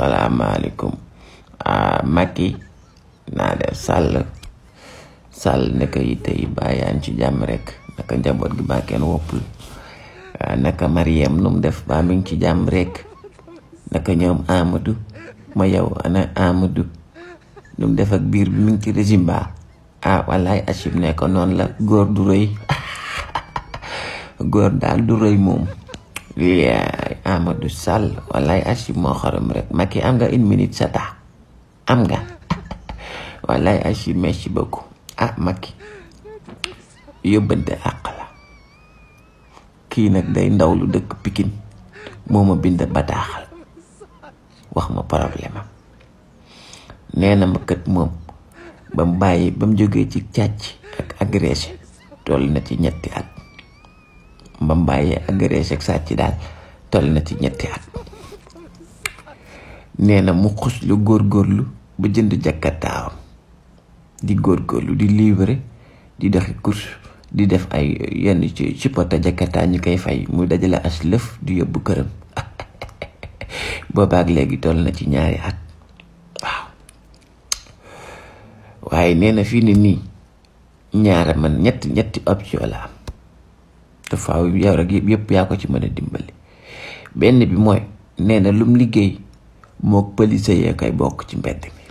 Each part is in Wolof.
a ah, maki na def sal sal naka yitte yi bàyyaan ci jam rek naka njaboot gi ba ah, naka Mariem nu mu def ba mi ci jàmm rek naka ñoom Amadou ma yow ana Amadou nu def ak biir bi walai ngi ci régime ba ah wallaay Achim ne ko la góor du rëy góor du yeah. Amadou sal walai Achib moo xorom rek Macky am nga une minute sa tax am nga wallaay Achib merci beaucoup ah maki, yóbbante àq la kii nag day ndaw lu dëkk pikin, moo ma bind bataaxal wax ma problème am nee na ma kat moom ba mu bàyyi ba ci ak agressé toll na ci ñetti at ak sàcc daal toll na ci ñetti at nee na mu gor góorgóorlu ba jënd jakartaawam di góorgóorlu di libre di doxi course di def ay yenn ci ci pota jakarta ñu koy fay muy dajale as lëf di yóbbu këram boobaak léegi toll na ci ñaari at waaw waaye nee na fii ne nii ñaara man ñetti ñetti option la am te faaw yow rek yëpp yaa ko ci mën a dimbali benn bi mooy nee na lum liggéey mook pëlise yee koy bokk ci mbedd mi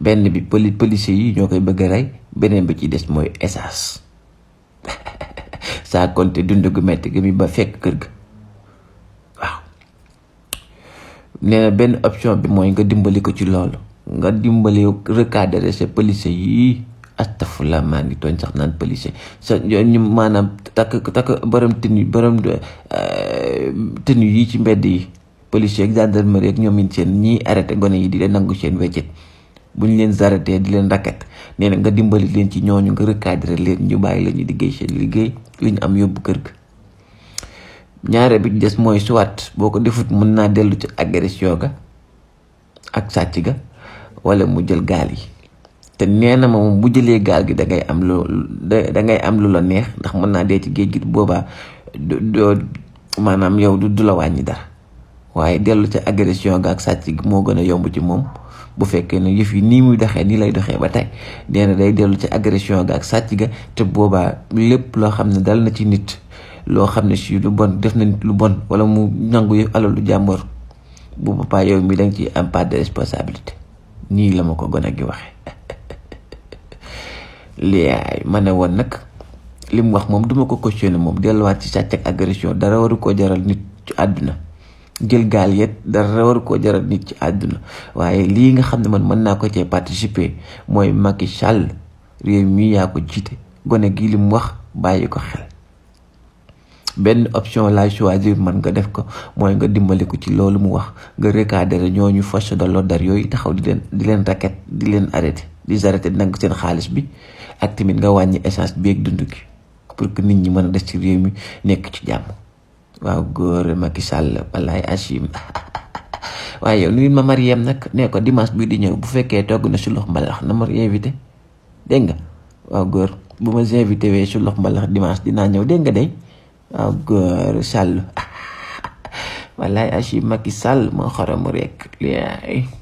benn bi pëli pëlise yi ñoo koy bëgg a rey beneen bi ci des mooy esaas saa konte dund gu metti gi mi ba fekk kër gi waaw nee na benn option bi mooy nga dimbali ko ci loolu nga dimbali recadrer sa pëlise yii astafurlah maa ngi tooñ sax naan policier sa ñu maanaam takk takk borom tenue borom tenue yi ci mbedd yi policier ak gendarmerie ak ñoom it seen ñii arrêté gone yi di leen nangu seen weccit bu ñu leen arrêté di leen raket nee na nga dimbali leen ci ñooñu nga recadré leen ñu bàyyi la ñu liggéey seen liggéey li ñu am yóbbu kër ga. ñaare bi des mooy soit boo ko defut mën naa dellu ci agression ga ak sàcc ga wala mu jël gaal yi. te nee na ma moom bu jëlee gaal gi da ngay am lu da ngay am lu la neex ndax mën naa dee ci géej gi boobaa doo maanaam yow du du la wàññi dara waaye dellu ca agression ga ak sàcc moo gën a yomb ci moom bu fekkee ne yëf yi nii muy doxee nii lay doxee ba tey nee day dellu ci agression ga ak sàcc ga te boobaa lépp loo xam ne dal na ci nit loo xam ne si lu bon def na nit lu bon wala mu nangu alalu jàmbor bu boobaa yow mi danga ci am de responsabilité nii la ma ko gën a gi waxee liaay ma ne woon nag li mu wax moom duma ko questionné moom delluwaat ci sàcc ak dara waru koo jaral nit ci àdduna jël gaal yet dara waru koo jaral nit ci àdduna waaye lii nga xam ne man mën naa ko cee participer mooy Macky Sall réew mi yaa ko jiite gone gi li wax bàyyi ko xel benn option la choisir man nga def ko mooy nga dimbali ko ci loolu mu wax nga recadrer ñooñu force de l'ordre yooyu taxaw di leen di leen racket di leen arrêté izara arrêté nangu seen bi ak tamit nga wàññi essence bi ak dund gi pour que nit ñi mën a des ci réew mi nekk ci jàmm waaw góor Macky Sall walaay Achim waaye yow ma ko dimanche di ñëw bu fekkee togg na malah mbalax na ma invité dégg nga waaw góor bu ma invité wee sulox mbalax dimanche dinaa ñëw dégg nga day waaw góor Sall walaay Achim Macky Sall rek